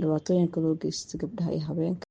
dhibaatooyinka Gabdhaha iyo haweenka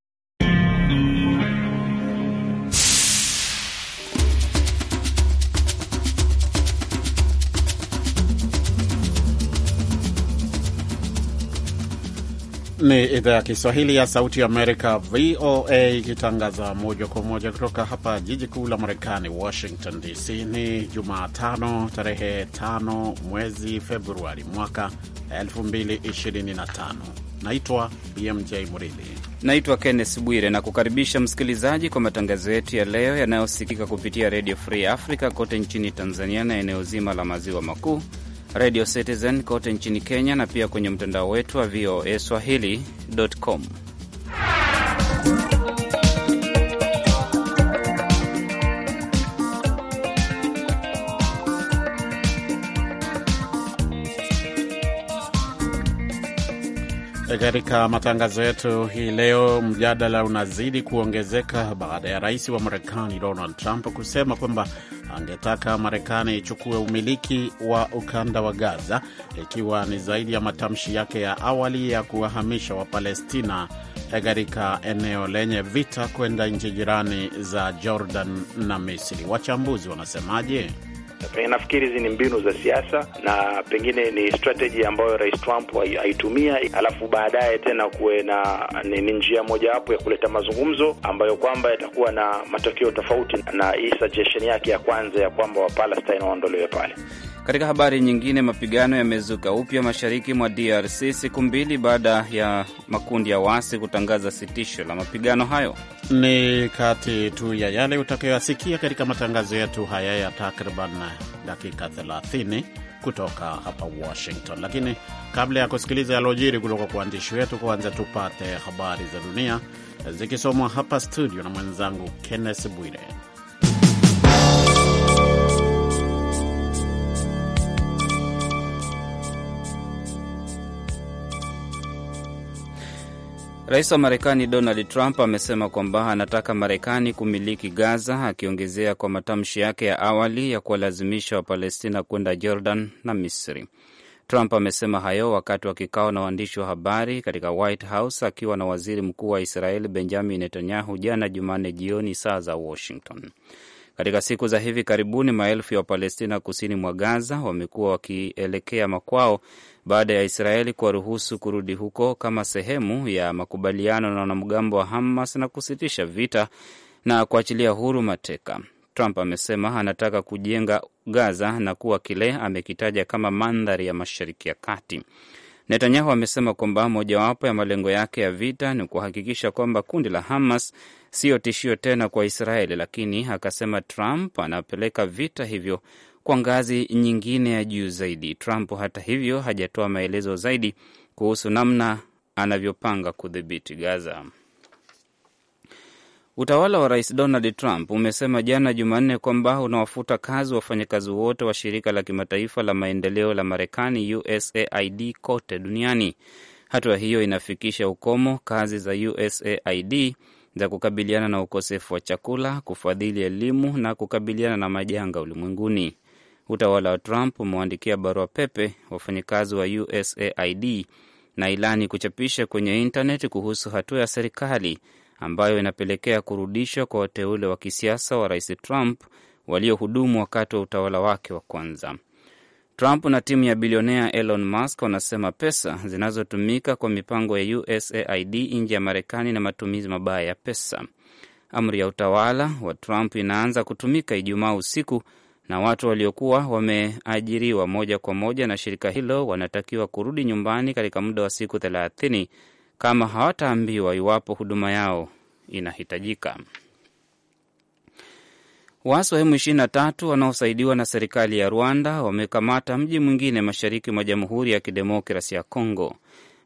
Ni idhaa ya Kiswahili ya Sauti ya Amerika, VOA, ikitangaza moja kwa moja kutoka hapa jiji kuu la Marekani, Washington DC. Ni Jumatano, tarehe tano mwezi Februari mwaka 2025. Naitwa BMJ Mridhi. Naitwa Kennes Bwire na kukaribisha msikilizaji kwa matangazo yetu ya leo yanayosikika kupitia Redio Free Africa kote nchini Tanzania na eneo zima la maziwa makuu Radio Citizen kote nchini Kenya na pia kwenye mtandao wetu wa VOA swahili.com. Katika matangazo yetu hii leo, mjadala unazidi kuongezeka baada ya rais wa Marekani Donald Trump kusema kwamba angetaka Marekani ichukue umiliki wa ukanda wa Gaza, ikiwa ni zaidi ya matamshi yake ya awali ya kuwahamisha Wapalestina katika eneo lenye vita kwenda nchi jirani za Jordan na Misri. Wachambuzi wanasemaje? Nafikiri hizi ni mbinu za siasa na pengine ni strategy ambayo Rais Trump aitumia, alafu baadaye tena kuwe na ni njia mojawapo ya kuleta mazungumzo ambayo kwamba yatakuwa na matokeo tofauti na hii suggestion yake ya kwanza ya kwamba Wapalestina waondolewe pale. Katika habari nyingine, mapigano yamezuka upya mashariki mwa DRC siku mbili baada ya makundi ya waasi kutangaza sitisho la mapigano hayo. Ni kati tu ya yale utakayoyasikia katika matangazo yetu haya ya takriban dakika 30 kutoka hapa Washington. Lakini kabla ya kusikiliza yalojiri kutoka kwa waandishi wetu, kwanza tupate habari za dunia zikisomwa hapa studio na mwenzangu Kenneth Bwire. Rais wa Marekani Donald Trump amesema kwamba anataka Marekani kumiliki Gaza, akiongezea kwa matamshi yake ya awali ya kuwalazimisha Wapalestina kwenda Jordan na Misri. Trump amesema hayo wakati wa kikao na waandishi wa habari katika White House akiwa na waziri mkuu wa Israeli Benjamin Netanyahu jana Jumanne jioni saa za Washington. Katika siku za hivi karibuni, maelfu ya Wapalestina kusini mwa Gaza wamekuwa wakielekea makwao baada ya Israeli kuwaruhusu kurudi huko kama sehemu ya makubaliano na wanamgambo wa Hamas na kusitisha vita na kuachilia huru mateka. Trump amesema anataka kujenga Gaza na kuwa kile amekitaja kama mandhari ya Mashariki ya Kati. Netanyahu amesema kwamba mojawapo ya malengo yake ya vita ni kuhakikisha kwamba kundi la Hamas siyo tishio tena kwa Israeli, lakini akasema Trump anapeleka vita hivyo kwa ngazi nyingine ya juu zaidi. Trump hata hivyo hajatoa maelezo zaidi kuhusu namna anavyopanga kudhibiti Gaza. Utawala wa rais Donald Trump umesema jana Jumanne kwamba unawafuta kazi wafanyakazi wote wa shirika la kimataifa la maendeleo la Marekani, USAID, kote duniani. Hatua hiyo inafikisha ukomo kazi za USAID za kukabiliana na ukosefu wa chakula, kufadhili elimu na kukabiliana na majanga ulimwenguni. Utawala wa Trump umewaandikia barua pepe wafanyakazi wa USAID na ilani kuchapisha kwenye intaneti kuhusu hatua ya serikali ambayo inapelekea kurudishwa kwa wateule wa kisiasa wa Rais Trump waliohudumu wakati wa utawala wake wa kwanza. Trump na timu ya bilionea Elon Musk wanasema pesa zinazotumika kwa mipango ya USAID nje ya Marekani na matumizi mabaya ya pesa. Amri ya utawala wa Trump inaanza kutumika Ijumaa usiku na watu waliokuwa wameajiriwa moja kwa moja na shirika hilo wanatakiwa kurudi nyumbani katika muda wa siku thelathini kama hawataambiwa iwapo huduma yao inahitajika. Waasi wa M23 wanaosaidiwa na serikali ya Rwanda wamekamata mji mwingine mashariki mwa Jamhuri ya Kidemokrasi ya congo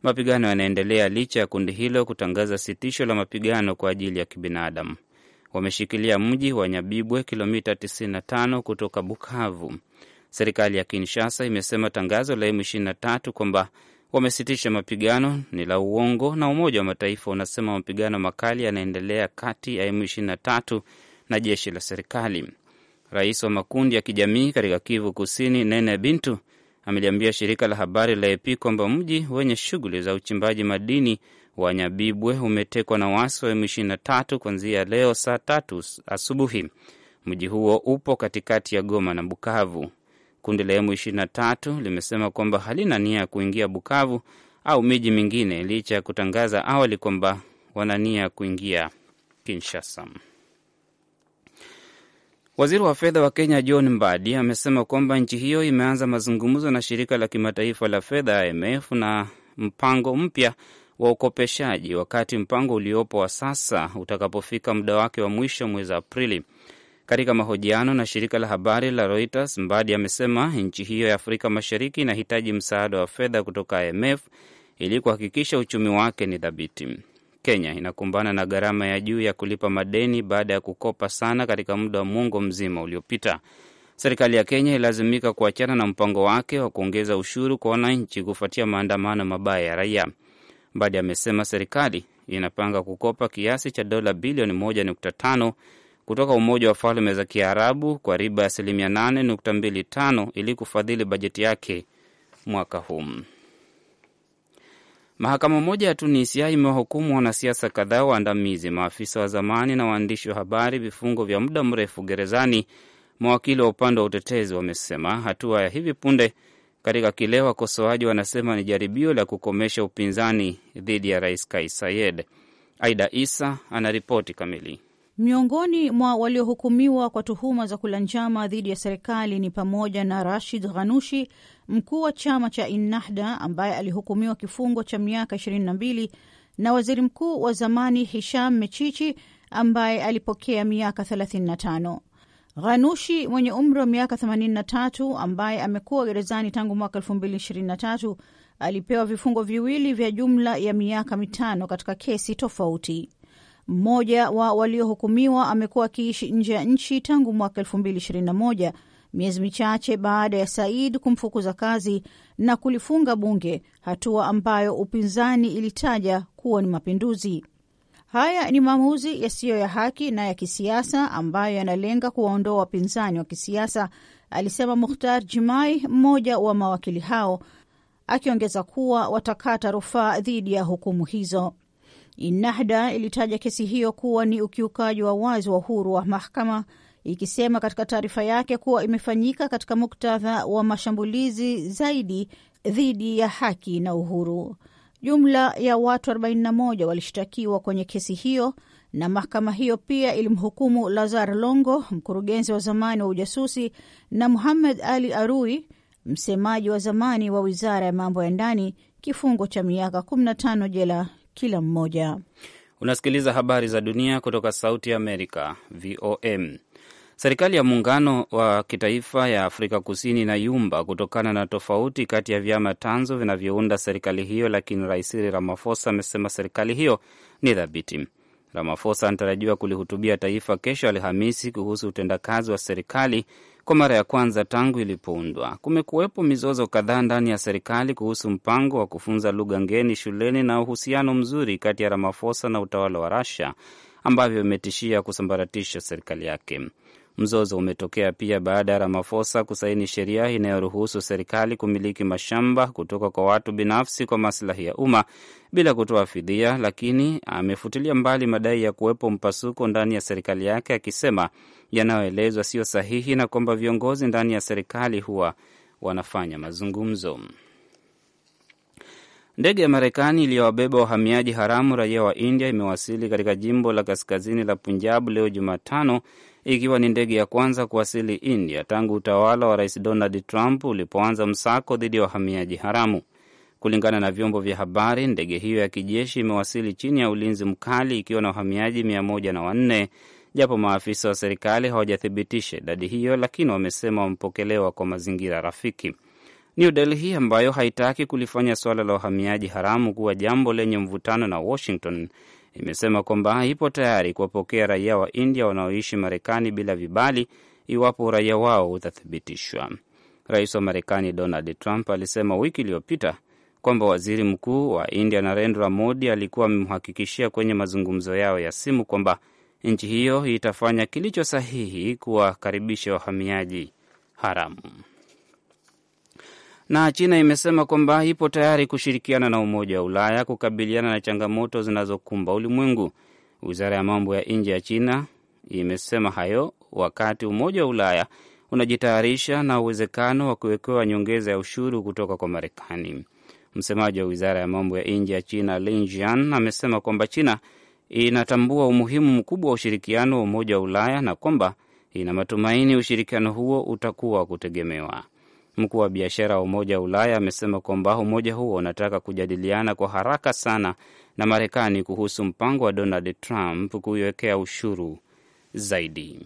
Mapigano yanaendelea licha ya kundi hilo kutangaza sitisho la mapigano kwa ajili ya kibinadamu wameshikilia mji wa Nyabibwe, kilomita 95 kutoka Bukavu. Serikali ya Kinshasa imesema tangazo la M23 kwamba wamesitisha mapigano ni la uongo, na Umoja wa Mataifa unasema mapigano makali yanaendelea kati ya M23 na jeshi la serikali. Rais wa makundi ya kijamii katika Kivu Kusini, Nene Bintu, ameliambia shirika la habari la EP kwamba mji wenye shughuli za uchimbaji madini wa Nyabibwe umetekwa na waasi wa M23 kuanzia leo saa tatu asubuhi. Mji huo upo katikati ya Goma na Bukavu. Kundi la M23 limesema kwamba halina nia ya kuingia Bukavu au miji mingine licha ya kutangaza awali kwamba wana nia ya kuingia Kinshasa. Waziri wa fedha wa Kenya John Mbadi amesema kwamba nchi hiyo imeanza mazungumzo na shirika la kimataifa la fedha IMF na mpango mpya wa ukopeshaji wakati mpango uliopo wa sasa utakapofika muda wake wa mwisho mwezi Aprili. Katika mahojiano na shirika la habari la Reuters, Mbadi amesema nchi hiyo ya Afrika Mashariki inahitaji msaada wa fedha kutoka IMF ili kuhakikisha uchumi wake ni thabiti. Kenya inakumbana na gharama ya juu ya kulipa madeni baada ya kukopa sana katika muda wa mwongo mzima uliopita. Serikali ya Kenya ilazimika kuachana na mpango wake wa kuongeza ushuru kwa wananchi kufuatia maandamano mabaya ya raia. Mbadi amesema serikali inapanga kukopa kiasi cha dola bilioni 1.5 kutoka Umoja wa Falme za Kiarabu kwa riba ya asilimia 8.25 ili kufadhili bajeti yake mwaka huu. Mahakama moja ya Tunisia imewahukumu wanasiasa kadhaa waandamizi, maafisa wa zamani na waandishi wa habari vifungo vya muda mrefu gerezani. Mawakili wa upande wa utetezi wamesema hatua ya hivi punde katika kile wakosoaji wanasema ni jaribio la kukomesha upinzani dhidi ya rais Kais Saied. Aida Isa anaripoti kamili. Miongoni mwa waliohukumiwa kwa tuhuma za kula njama dhidi ya serikali ni pamoja na Rashid Ghanushi, mkuu wa chama cha Innahda ambaye alihukumiwa kifungo cha miaka 22 na waziri mkuu wa zamani Hisham Mechichi ambaye alipokea miaka 35. Ghanushi mwenye umri wa miaka 83 ambaye amekuwa gerezani tangu mwaka 2023 alipewa vifungo viwili vya jumla ya miaka mitano katika kesi tofauti. Mmoja wa waliohukumiwa amekuwa akiishi nje ya nchi tangu mwaka 2021 miezi michache baada ya Said kumfukuza kazi na kulifunga bunge, hatua ambayo upinzani ilitaja kuwa ni mapinduzi. Haya ni maamuzi yasiyo ya haki na ya kisiasa ambayo yanalenga kuwaondoa wapinzani wa kisiasa, alisema Mukhtar Jimai, mmoja wa mawakili hao, akiongeza kuwa watakata rufaa dhidi ya hukumu hizo. inahda ilitaja kesi hiyo kuwa ni ukiukaji wa wazi wa uhuru wa mahakama, ikisema katika taarifa yake kuwa imefanyika katika muktadha wa mashambulizi zaidi dhidi ya haki na uhuru. Jumla ya watu 41 walishtakiwa kwenye kesi hiyo, na mahakama hiyo pia ilimhukumu Lazar Longo, mkurugenzi wa zamani wa ujasusi, na Muhammad Ali Arui, msemaji wa zamani wa wizara ya mambo ya ndani, kifungo cha miaka 15 jela kila mmoja. Unasikiliza habari za dunia kutoka Sauti ya Amerika, VOM. Serikali ya muungano wa kitaifa ya Afrika Kusini inayumba kutokana na tofauti kati ya vyama tanzo vinavyounda serikali hiyo, lakini Rais Cyril Ramaphosa amesema serikali hiyo ni thabiti. Ramaphosa anatarajiwa kulihutubia taifa kesho Alhamisi kuhusu utendakazi wa serikali kwa mara ya kwanza tangu ilipoundwa. Kumekuwepo mizozo kadhaa ndani ya serikali kuhusu mpango wa kufunza lugha ngeni shuleni na uhusiano mzuri kati ya Ramaphosa na utawala wa Russia ambavyo imetishia kusambaratisha serikali yake. Mzozo umetokea pia baada ya ramafosa kusaini sheria inayoruhusu serikali kumiliki mashamba kutoka kwa watu binafsi kwa maslahi ya umma bila kutoa fidia, lakini amefutilia mbali madai ya kuwepo mpasuko ndani ya serikali yake, akisema yanayoelezwa siyo sahihi na kwamba viongozi ndani ya serikali huwa wanafanya mazungumzo. Ndege ya Marekani iliyowabeba wahamiaji haramu raia wa India imewasili katika jimbo la kaskazini la Punjab leo Jumatano ikiwa ni ndege ya kwanza kuwasili India tangu utawala wa Rais Donald Trump ulipoanza msako dhidi ya wa wahamiaji haramu. Kulingana na vyombo vya habari, ndege hiyo ya kijeshi imewasili chini ya ulinzi mkali ikiwa na wahamiaji mia moja na wanne, japo maafisa wa serikali hawajathibitisha idadi hiyo, lakini wamesema wamepokelewa kwa mazingira rafiki. New Delhi ambayo haitaki kulifanya suala la wahamiaji haramu kuwa jambo lenye mvutano na Washington imesema kwamba ipo tayari kuwapokea raia wa India wanaoishi Marekani bila vibali iwapo uraia wao utathibitishwa. Rais wa Marekani Donald Trump alisema wiki iliyopita kwamba waziri mkuu wa India Narendra Modi alikuwa amemhakikishia kwenye mazungumzo yao ya simu kwamba nchi hiyo itafanya kilicho sahihi kuwakaribisha wahamiaji haramu na China imesema kwamba ipo tayari kushirikiana na Umoja wa Ulaya kukabiliana na changamoto zinazokumba ulimwengu. Wizara ya mambo ya nje ya China imesema hayo wakati Umoja wa Ulaya unajitayarisha na uwezekano wa kuwekewa nyongeza ya ushuru kutoka kwa Marekani. Msemaji wa wizara ya mambo ya nje ya China Lin Jian amesema kwamba China inatambua umuhimu mkubwa wa ushirikiano wa Umoja wa Ulaya na kwamba ina matumaini ushirikiano huo utakuwa wa kutegemewa. Mkuu wa biashara wa Umoja wa Ulaya amesema kwamba umoja huo unataka kujadiliana kwa haraka sana na Marekani kuhusu mpango wa Donald Trump kuiwekea ushuru zaidi.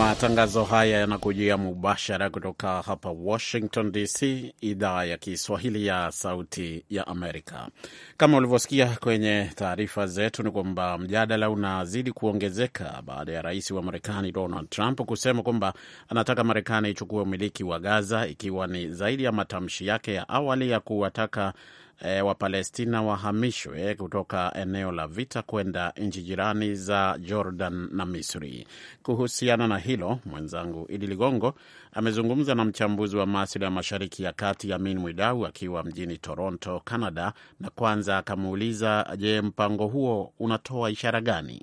Matangazo haya yanakujia mubashara kutoka hapa Washington DC, idhaa ya Kiswahili ya Sauti ya Amerika. Kama ulivyosikia kwenye taarifa zetu, ni kwamba mjadala unazidi kuongezeka baada ya rais wa Marekani Donald Trump kusema kwamba anataka Marekani ichukue umiliki wa Gaza, ikiwa ni zaidi ya matamshi yake ya awali ya kuwataka e, Wapalestina wahamishwe kutoka eneo la vita kwenda nchi jirani za Jordan na Misri. Kuhusiana na hilo, mwenzangu Idi Ligongo amezungumza na mchambuzi wa maswala ya Mashariki ya Kati Amin Mwidau akiwa mjini Toronto, Canada, na kwanza akamuuliza, je, mpango huo unatoa ishara gani?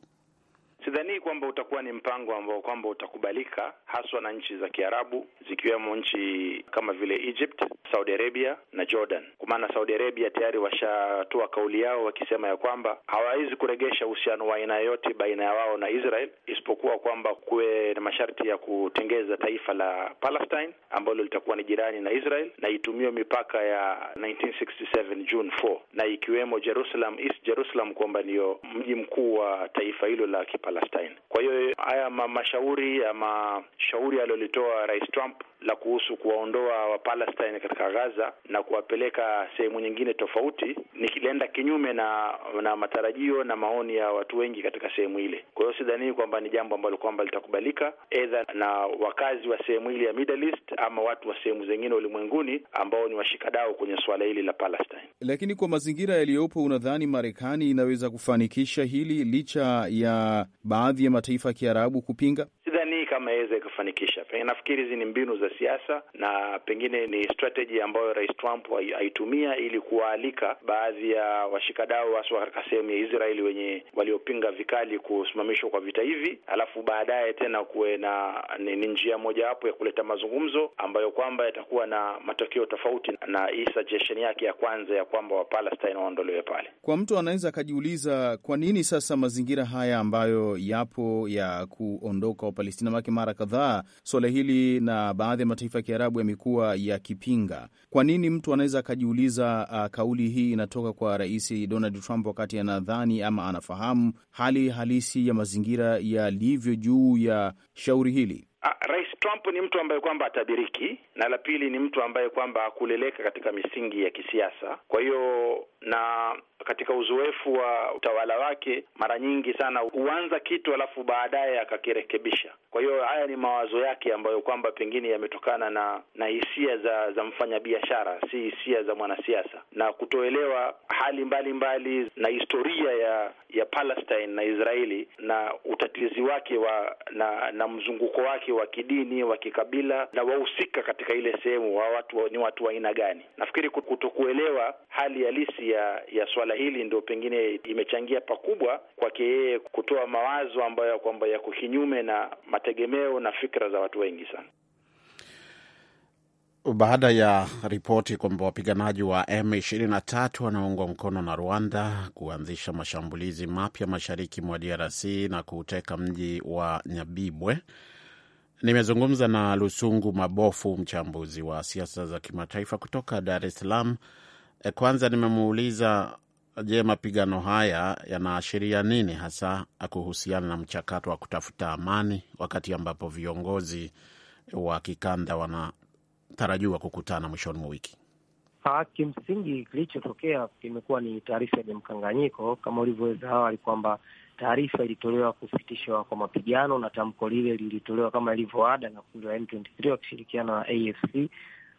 kwamba utakuwa ni mpango ambao kwamba utakubalika haswa na nchi za Kiarabu zikiwemo nchi kama vile Egypt, Saudi Arabia na Jordan, kwa maana Saudi Arabia tayari washatoa kauli yao wakisema ya kwamba hawawezi kuregesha uhusiano wa aina yoyote baina ya wao na Israel isipokuwa kwamba kuwe na masharti ya kutengeza taifa la Palestine ambalo litakuwa ni jirani na Israel na itumiwe mipaka ya 1967 June 4 na ikiwemo Jerusalem, East Jerusalem kwamba ndiyo mji mkuu wa taifa hilo la Kipalestine. Kwa hiyo haya mashauri ama shauri aliyolitoa Rais Trump la kuhusu kuwaondoa Wapalestine katika Gaza na kuwapeleka sehemu nyingine tofauti nikilenda kinyume na na matarajio na maoni ya watu wengi katika sehemu ile. Kwa hiyo sidhanii kwamba ni jambo ambalo kwamba litakubalika aidha na wakazi wa sehemu ile ya Middle East ama watu wa sehemu zingine ulimwenguni ambao ni washikadau kwenye suala hili la Palestine. Lakini kwa mazingira yaliyopo, unadhani Marekani inaweza kufanikisha hili licha ya baadhi ya mataifa ya Kiarabu kupinga? kama yaweza ikafanikisha. Nafikiri hizi ni mbinu za siasa na pengine ni strategy ambayo Rais Trump aitumia ili kuwaalika baadhi ya washikadau haswa katika sehemu ya Israeli wenye waliopinga vikali kusimamishwa kwa vita hivi, alafu baadaye tena kuwe na ni njia mojawapo ya kuleta mazungumzo ambayo kwamba yatakuwa na matokeo tofauti na hii suggestion yake ya kwanza ya kwamba wapalestin waondolewe pale. Kwa mtu anaweza akajiuliza kwa nini sasa mazingira haya ambayo yapo ya kuondoka Wapalestina yake mara kadhaa suala hili, na baadhi ya mataifa ya Kiarabu yamekuwa yakipinga. Kwa nini? Mtu anaweza akajiuliza, uh, kauli hii inatoka kwa Rais Donald Trump wakati anadhani ama anafahamu hali halisi ya mazingira yalivyo juu ya shauri hili. Ah, Rais Trump ni mtu ambaye kwamba atabiriki, na la pili ni mtu ambaye kwamba akuleleka katika misingi ya kisiasa. Kwa hiyo na katika uzoefu wa utawala wake mara nyingi sana huanza kitu alafu baadaye akakirekebisha. Kwa hiyo haya ni mawazo yake ambayo kwamba pengine yametokana na na hisia za za mfanyabiashara, si hisia za mwanasiasa, na kutoelewa hali mbalimbali mbali na historia ya ya Palestine na Israeli na utatizi wake wa na na mzunguko wake wa kidini, wa kikabila na wahusika katika ile sehemu wa watu ni watu wa aina gani. Nafikiri kutokuelewa hali halisi ya ya swala hili ndio pengine imechangia pakubwa kwake yeye kutoa mawazo ambayo kwamba yako kinyume na mategemeo na fikra za watu wengi sana. Baada ya ripoti kwamba wapiganaji wa M23 wanaoungwa mkono na Rwanda kuanzisha mashambulizi mapya mashariki mwa DRC na kuuteka mji wa Nyabibwe, nimezungumza na Lusungu Mabofu, mchambuzi wa siasa za kimataifa kutoka Dar es Salaam, Eh, kwanza nimemuuliza je, mapigano haya yanaashiria nini hasa kuhusiana na mchakato wa kutafuta amani, wakati ambapo viongozi wa kikanda wanatarajiwa kukutana mwishoni mwa wiki? Kimsingi kilichotokea kimekuwa ni taarifa yenye mkanganyiko, kama ulivyoweza awali kwamba taarifa ilitolewa kusitishwa kwa mapigano na tamko lile lilitolewa kama ilivyo ada na kundi la M23 wakishirikiana na AFC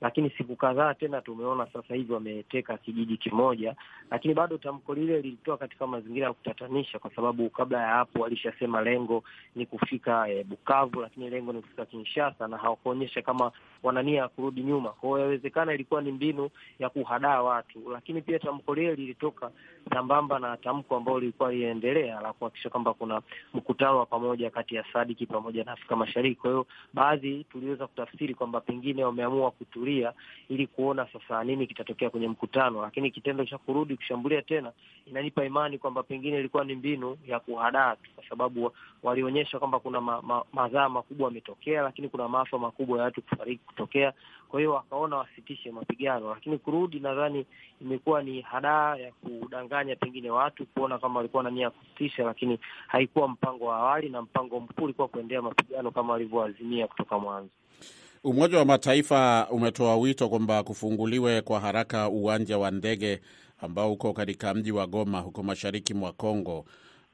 lakini siku kadhaa tena tumeona sasa hivi wameteka kijiji kimoja, lakini bado tamko lile lilitoa katika mazingira ya kutatanisha, kwa sababu kabla ya hapo walishasema lengo ni kufika e, Bukavu, lakini lengo ni kufika Kinshasa na hawakuonyesha kama wana nia ya kurudi nyuma. Kwa hiyo yawezekana ilikuwa ni mbinu ya kuhadaa watu, lakini pia tamko lile lilitoka sambamba na tamko ambalo lilikuwa linaendelea la kuhakikisha kwamba kuna mkutano wa pamoja kati ya Sadiki pamoja na Afrika Mashariki. Kwa hiyo baadhi tuliweza kutafsiri kwamba pengine wameamua kutulia ili kuona sasa nini kitatokea kwenye mkutano, lakini kitendo cha kurudi kushambulia tena inanipa imani kwamba pengine ilikuwa ni mbinu ya kuhadaa tu, kwa sababu walionyesha kwamba kuna ma, ma, madhaa makubwa yametokea, lakini kuna maafa makubwa ya watu kufariki kutokea. Kwa hiyo wakaona wasitishe mapigano, lakini kurudi nadhani imekuwa ni hadaa ya kudanganya kuwadanganya pengine watu kuona kama walikuwa na nia ya kusitisha, lakini haikuwa mpango wa awali, na mpango mkuu ulikuwa kuendea mapigano kama walivyoazimia kutoka mwanzo. Umoja wa Mataifa umetoa wito kwamba kufunguliwe kwa haraka uwanja wa ndege ambao uko katika mji wa Goma huko mashariki mwa Kongo,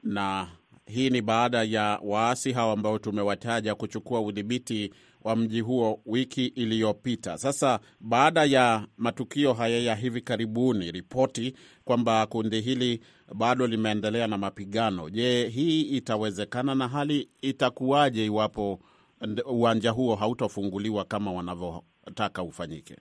na hii ni baada ya waasi hao ambao tumewataja kuchukua udhibiti wa mji huo wiki iliyopita. Sasa baada ya matukio haya ya hivi karibuni, ripoti kwamba kundi hili bado limeendelea na mapigano, je, hii itawezekana na hali itakuwaje iwapo uwanja huo hautafunguliwa kama wanavyotaka ufanyike?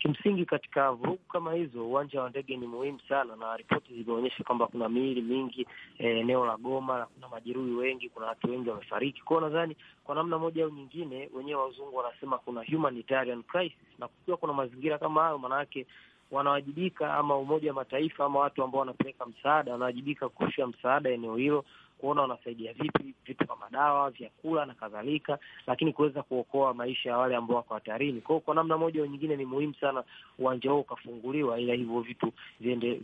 Kimsingi, katika vurugu kama hizo, uwanja wa ndege ni muhimu sana, na ripoti zimeonyesha kwamba kuna miili mingi eh, eneo la Goma na kuna majeruhi wengi, kuna watu wengi wamefariki kwao. Nadhani kwa namna moja au nyingine, wenyewe wazungu wanasema kuna humanitarian crisis, na kukiwa kuna mazingira kama hayo, manaake wanawajibika ama Umoja wa Mataifa ama watu ambao wanapeleka msaada wanawajibika kushusha msaada eneo hilo, kuona wanasaidia vipi, vitu kama dawa, vyakula na kadhalika, lakini kuweza kuokoa maisha ya wale ambao wako hatarini. Kwa hiyo kwa namna moja au nyingine ni muhimu sana uwanja huo ukafunguliwa, ila hivyo vitu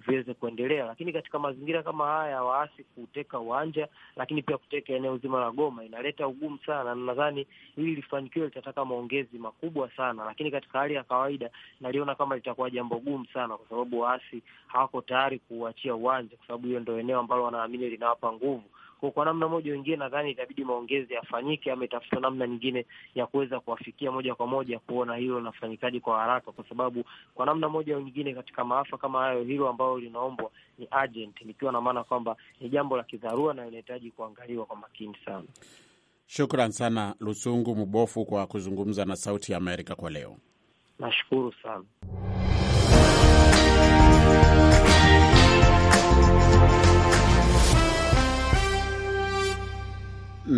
viweze kuendelea. Lakini katika mazingira kama haya, waasi kuteka uwanja, lakini pia kuteka eneo zima la Goma inaleta ugumu sana, na nadhani hili lifanikiwe litataka maongezi makubwa sana, lakini katika hali ya kawaida naliona kama litakuwa jambo gumu sana, kwa sababu waasi hawako tayari kuuachia uwanja, kwa sababu hiyo ndio eneo ambalo wanaamini linawapa nguvu. Kwa kwa namna moja wengine, nadhani itabidi maongezi yafanyike ama itafuta namna nyingine ya kuweza kuwafikia moja kwa moja, kuona hilo linafanyikaje kwa haraka, kwa sababu kwa namna moja wengine, katika maafa kama hayo, hilo ambalo linaombwa ni urgent, nikiwa na maana kwamba ni jambo la kidharura na linahitaji kuangaliwa kwa makini sana. Shukran sana Lusungu Mbofu kwa kuzungumza na Sauti ya Amerika kwa leo. Nashukuru sana.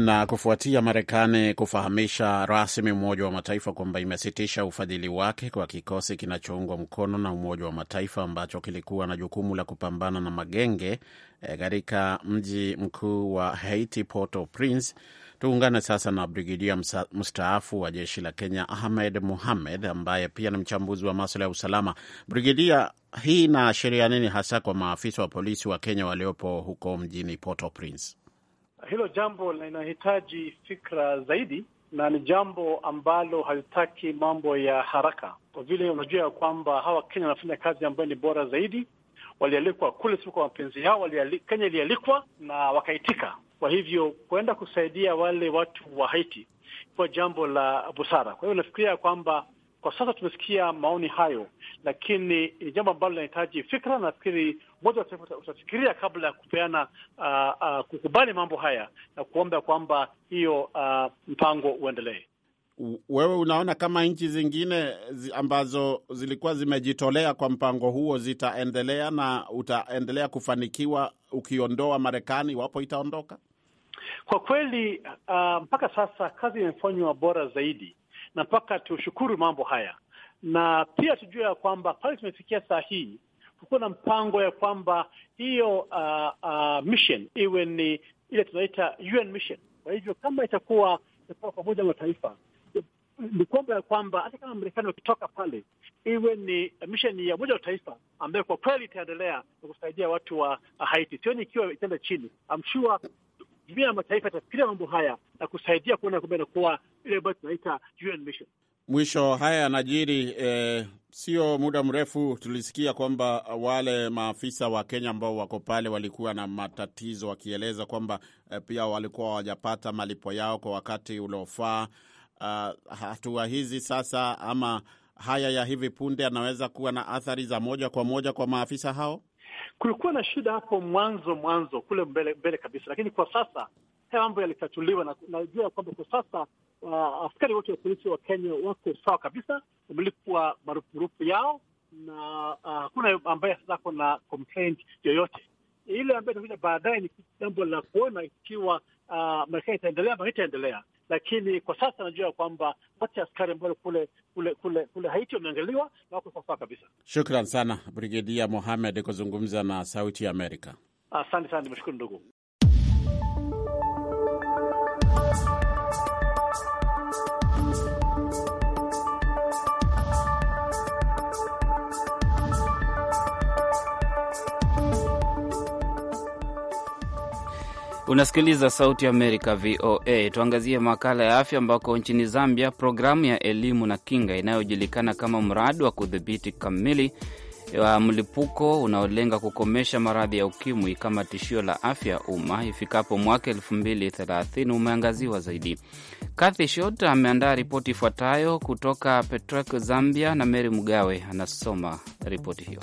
Na kufuatia Marekani kufahamisha rasmi Umoja wa Mataifa kwamba imesitisha ufadhili wake kwa kikosi kinachoungwa mkono na Umoja wa Mataifa ambacho kilikuwa na jukumu la kupambana na magenge eh, katika e, mji mkuu wa Haiti, Port-au-Prince, tuungane sasa na brigidia mstaafu wa jeshi la Kenya Ahmed muhamed ambaye pia ni mchambuzi wa maswala ya usalama. Brigidia, hii inaashiria nini hasa kwa maafisa wa polisi wa Kenya waliopo huko mjini Port-au-Prince? hilo jambo linahitaji fikra zaidi na ni jambo ambalo halitaki mambo ya haraka, kwa vile unajua ya kwamba hawa Kenya wanafanya kazi ambayo ni bora zaidi. Walialikwa kule, si kwa mapenzi yao, Kenya ilialikwa na wakaitika. Kwa hivyo kuenda kusaidia wale watu wa Haiti kwa jambo la busara. Kwa hiyo nafikiria kwamba kwa sasa tumesikia maoni hayo, lakini ni jambo ambalo linahitaji fikra. Nafikiri Umoja wa Mataifa utafikiria kabla ya kupeana uh, uh, kukubali mambo haya na kuomba kwamba hiyo uh, mpango uendelee. Wewe unaona kama nchi zingine ambazo zilikuwa zimejitolea kwa mpango huo zitaendelea na utaendelea kufanikiwa ukiondoa Marekani iwapo itaondoka? Kwa kweli uh, mpaka sasa kazi imefanywa bora zaidi na mpaka tushukuru mambo haya, na pia tujue ya kwamba pale tumefikia saa hii kukuwa na mpango ya kwamba hiyo uh, uh, mission iwe ni ile tunaita UN mission. Kwa hivyo kama itakuwa itakuwa pamoja mataifa ni kwamba ya kwamba hata kama Marekani wakitoka pale iwe ni misheni ya Umoja wa Mataifa ambayo kwa kweli itaendelea na kusaidia watu wa Haiti. Sioni ikiwa itaenda chini. I'm sure jumuia ya mataifa itafikiria mambo haya na kusaidia kuona kwamba inakuwa ile ambayo tunaita UN mission. Mwisho haya yanajiri eh, sio muda mrefu tulisikia kwamba wale maafisa wa Kenya ambao wako pale walikuwa na matatizo, wakieleza kwamba eh, pia walikuwa hawajapata malipo yao kwa wakati uliofaa. Uh, hatua hizi sasa ama haya ya hivi punde yanaweza kuwa na athari za moja kwa moja kwa maafisa hao. Kulikuwa na shida hapo mwanzo mwanzo kule mbele mbele kabisa, lakini kwa sasa haya mambo yalitatuliwa, na najua ya kwamba kwa sasa uh, askari wote wa polisi wa Kenya wako sawa kabisa, wamelipwa marupurupu yao na uh, hakuna uh, ambaye sasa ako na complaint yoyote ile ambayo itakuja baadaye ni jambo la kuona ikiwa uh, Marekani itaendelea ama lakini kwa sasa najua ya kwamba kati askari ambao kule kule kule kule Haiti wameangaliwa na wako sawasawa kabisa. Shukran sana Brigedia Mohamed kuzungumza na Sauti ya Amerika. Asante sana, nimeshukuru ndugu. Unasikiliza Sauti ya Amerika, VOA. Tuangazie makala ya afya, ambako nchini Zambia programu ya elimu na kinga inayojulikana kama mradi wa kudhibiti kamili wa mlipuko unaolenga kukomesha maradhi ya ukimwi kama tishio la afya ya umma ifikapo mwaka 230 umeangaziwa zaidi. Kathy Shot ameandaa ripoti ifuatayo kutoka Petrek, Zambia, na Mary Mgawe anasoma ripoti hiyo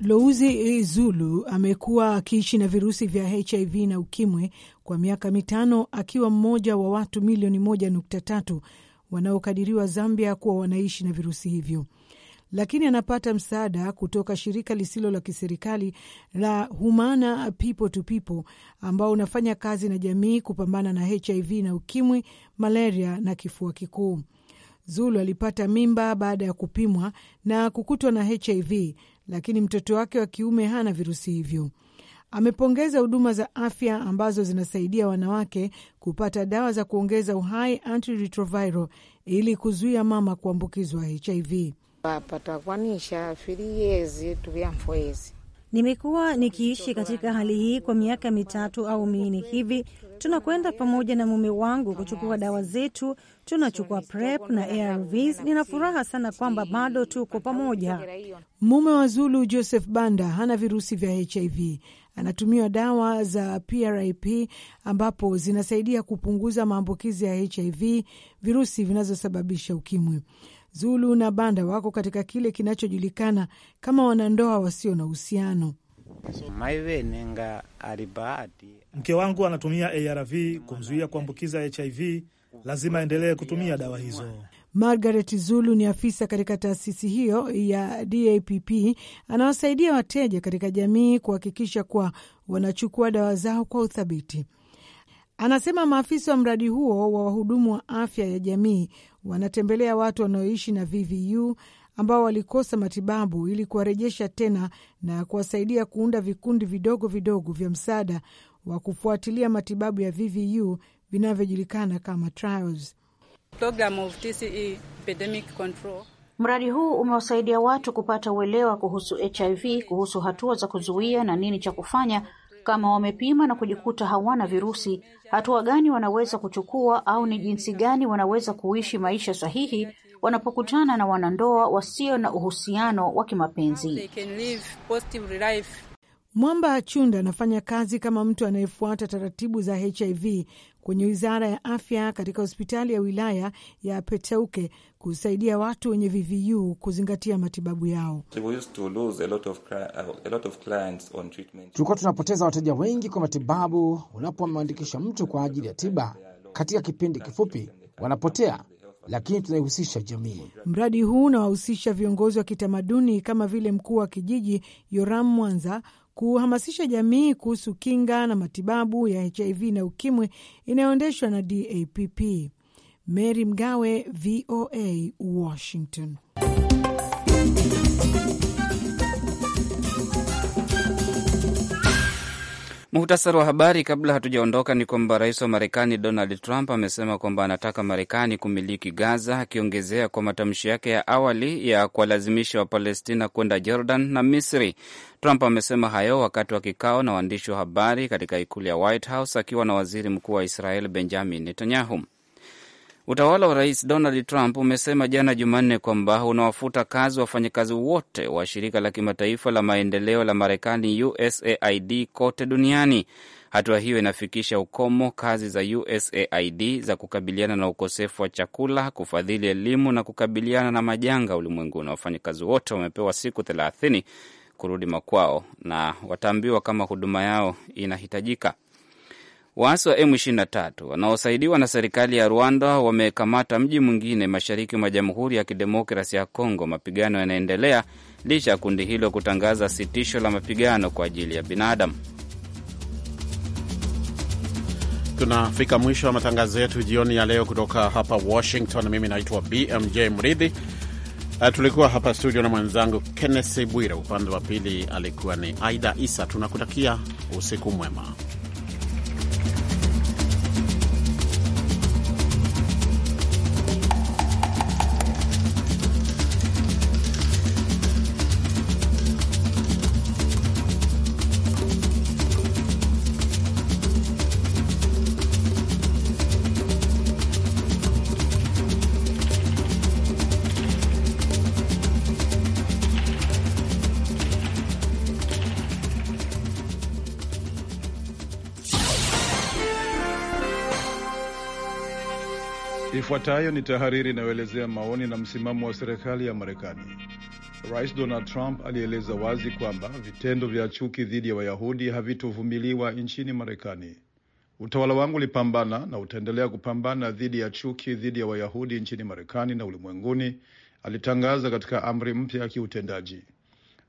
louzi Zulu amekuwa akiishi na virusi vya HIV na ukimwe kwa miaka mitano akiwa mmoja wa watu milioni moja nukta tatu wanaokadiriwa Zambia kuwa wanaishi na virusi hivyo, lakini anapata msaada kutoka shirika lisilo la kiserikali la Humana People to People ambao unafanya kazi na jamii kupambana na HIV na ukimwi, malaria na kifua kikuu. Zulu alipata mimba baada ya kupimwa na kukutwa na HIV lakini mtoto wake wa kiume hana virusi hivyo. Amepongeza huduma za afya ambazo zinasaidia wanawake kupata dawa za kuongeza uhai antiretroviral, ili kuzuia mama kuambukizwa HIV. Nimekuwa nikiishi katika hali hii kwa miaka mitatu au minne hivi. Tunakwenda pamoja na mume wangu kuchukua dawa zetu, tunachukua PrEP na ARVs. Nina furaha sana kwamba bado tuko pamoja. Mume wa Zulu Joseph Banda hana virusi vya HIV, anatumia dawa za PrEP ambapo zinasaidia kupunguza maambukizi ya HIV, virusi vinazosababisha ukimwi. Zulu na Banda wako katika kile kinachojulikana kama wanandoa wasio na uhusiano. Mke wangu anatumia ARV kumzuia kuambukiza HIV, lazima aendelee kutumia dawa hizo. Margaret Zulu ni afisa katika taasisi hiyo ya DAPP, anawasaidia wateja katika jamii kuhakikisha kuwa wanachukua dawa zao kwa uthabiti. Anasema maafisa wa mradi huo wa wahudumu wa afya ya jamii wanatembelea watu wanaoishi na VVU ambao walikosa matibabu ili kuwarejesha tena na kuwasaidia kuunda vikundi vidogo vidogo vya msaada wa kufuatilia matibabu ya VVU vinavyojulikana kama trials. Program of TCE Epidemic Control. Mradi huu umewasaidia watu kupata uelewa kuhusu HIV, kuhusu hatua za kuzuia na nini cha kufanya kama wamepima na kujikuta hawana virusi, hatua gani wanaweza kuchukua au ni jinsi gani wanaweza kuishi maisha sahihi wanapokutana na wanandoa wasio na uhusiano wa kimapenzi? Mwamba Chunda anafanya kazi kama mtu anayefuata taratibu za HIV kwenye wizara ya afya katika hospitali ya wilaya ya Peteuke kusaidia watu wenye VVU kuzingatia matibabu yao. Uh, Tulikuwa tunapoteza wateja wengi kwa matibabu. Unapomwandikisha mtu kwa ajili ya tiba katika kipindi kifupi, wanapotea lakini tunaihusisha jamii. Mradi huu unawahusisha viongozi wa kitamaduni kama vile mkuu wa kijiji Yoram Mwanza kuhamasisha jamii kuhusu kinga na matibabu ya HIV na ukimwi inayoendeshwa na DAPP. Mary Mgawe, VOA, Washington. Muhtasari wa habari kabla hatujaondoka ni kwamba rais wa Marekani Donald Trump amesema kwamba anataka Marekani kumiliki Gaza, akiongezea kwa matamshi yake ya awali ya kuwalazimisha Wapalestina kwenda Jordan na Misri. Trump amesema hayo wakati wa kikao na waandishi wa habari katika ikulu ya White House akiwa na waziri mkuu wa Israel Benjamin Netanyahu. Utawala wa Rais Donald Trump umesema jana Jumanne kwamba unawafuta kazi wafanyakazi wote wa shirika la kimataifa la maendeleo la Marekani, USAID, kote duniani. Hatua hiyo inafikisha ukomo kazi za USAID za kukabiliana na ukosefu wa chakula, kufadhili elimu na kukabiliana na majanga ulimwenguni. Wafanyakazi wote wamepewa siku thelathini kurudi makwao na wataambiwa kama huduma yao inahitajika. Waasi wa M23 wanaosaidiwa na serikali ya Rwanda wamekamata mji mwingine mashariki mwa Jamhuri ya Kidemokrasi ya Kongo. Mapigano yanaendelea licha ya kundi hilo kutangaza sitisho la mapigano kwa ajili ya binadamu. Tunafika mwisho wa matangazo yetu jioni ya leo kutoka hapa Washington. Mimi naitwa BMJ Mridhi. Eh, tulikuwa hapa studio na mwenzangu kennesi Bwire, upande wa pili alikuwa ni Aida Isa. Tunakutakia usiku mwema. Ifuatayo ni tahariri inayoelezea maoni na msimamo wa serikali ya Marekani. Rais Donald Trump alieleza wazi kwamba vitendo vya chuki dhidi ya Wayahudi havitovumiliwa nchini Marekani. Utawala wangu ulipambana na utaendelea kupambana dhidi ya chuki dhidi ya Wayahudi nchini Marekani na ulimwenguni, alitangaza katika amri mpya ya kiutendaji,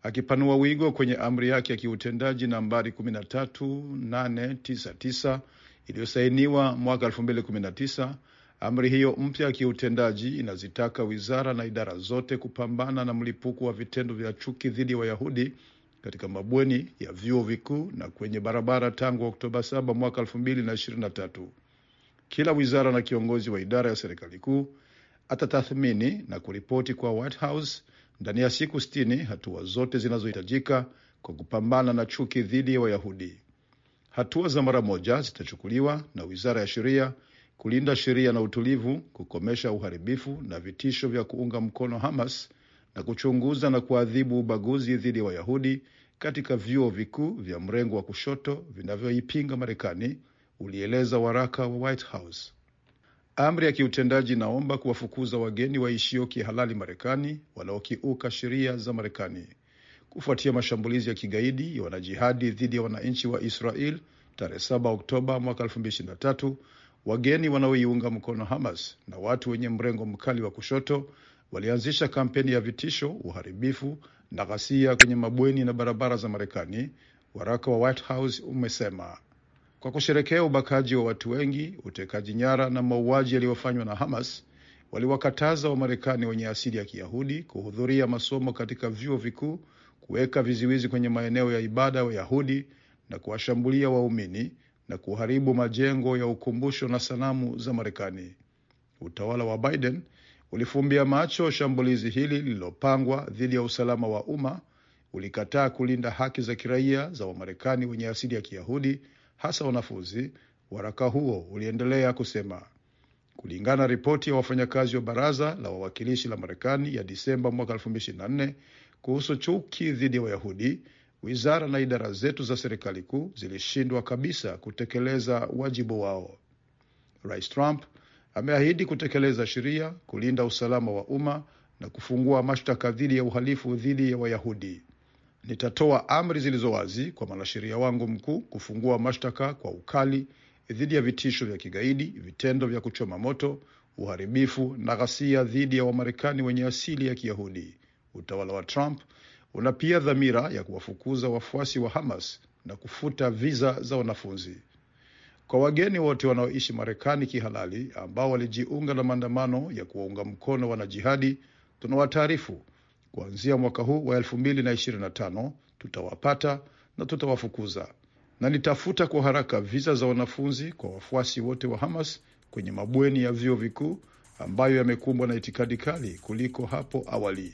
akipanua wigo kwenye amri yake ya kiutendaji nambari 13899 iliyosainiwa mwaka 2019 Amri hiyo mpya ya kiutendaji inazitaka wizara na idara zote kupambana na mlipuko wa vitendo vya chuki dhidi ya wa Wayahudi katika mabweni ya vyuo vikuu na kwenye barabara tangu Oktoba 7 mwaka 2023. Kila wizara na kiongozi wa idara ya serikali kuu atatathmini na kuripoti kwa White House ndani ya siku 60 hatua zote zinazohitajika kwa kupambana na chuki dhidi ya Wayahudi. Hatua za mara moja zitachukuliwa na wizara ya sheria kulinda sheria na utulivu, kukomesha uharibifu na vitisho vya kuunga mkono Hamas na kuchunguza na kuadhibu ubaguzi dhidi ya Wayahudi katika vyuo vikuu vya mrengo wa kushoto vinavyoipinga Marekani, ulieleza waraka wa White House. Amri ya kiutendaji inaomba kuwafukuza wageni waishio kihalali Marekani wanaokiuka sheria za Marekani kufuatia mashambulizi ya kigaidi ya wanajihadi dhidi ya wananchi wa Israel tarehe 7 Oktoba mwaka Wageni wanaoiunga mkono Hamas na watu wenye mrengo mkali wa kushoto walianzisha kampeni ya vitisho, uharibifu na ghasia kwenye mabweni na barabara za Marekani, waraka wa White House umesema, kwa kusherekea ubakaji wa watu wengi, utekaji nyara na mauaji yaliyofanywa na Hamas. Waliwakataza Wamarekani wenye asili ya Kiyahudi kuhudhuria masomo katika vyuo vikuu, kuweka vizuizi kwenye maeneo ya ibada ya Wayahudi na kuwashambulia waumini na kuharibu majengo ya ukumbusho na sanamu za Marekani. Utawala wa Biden ulifumbia macho shambulizi hili lililopangwa dhidi ya usalama wa umma, ulikataa kulinda haki za kiraia za Wamarekani wenye asili ya Kiyahudi, hasa wanafunzi. Waraka huo uliendelea kusema, kulingana ripoti ya wafanyakazi wa baraza la wawakilishi la Marekani ya Disemba mwaka 2024 kuhusu chuki dhidi ya Wayahudi, wizara na idara zetu za serikali kuu zilishindwa kabisa kutekeleza wajibu wao. Rais Trump ameahidi kutekeleza sheria, kulinda usalama wa umma na kufungua mashtaka dhidi ya uhalifu dhidi ya Wayahudi. Nitatoa amri zilizo wazi kwa mwanasheria wangu mkuu kufungua mashtaka kwa ukali dhidi ya vitisho vya kigaidi, vitendo vya kuchoma moto, uharibifu na ghasia dhidi ya Wamarekani wenye asili ya Kiyahudi. Utawala wa Trump una pia dhamira ya kuwafukuza wafuasi wa Hamas na kufuta viza za wanafunzi. Kwa wageni wote wanaoishi Marekani kihalali ambao walijiunga na maandamano ya kuwaunga mkono wanajihadi, tunawataarifu kuanzia mwaka huu wa 2025 tutawapata na tutawafukuza, na nitafuta kwa haraka viza za wanafunzi kwa wafuasi wote wa Hamas kwenye mabweni ya vyuo vikuu ambayo yamekumbwa na itikadi kali kuliko hapo awali.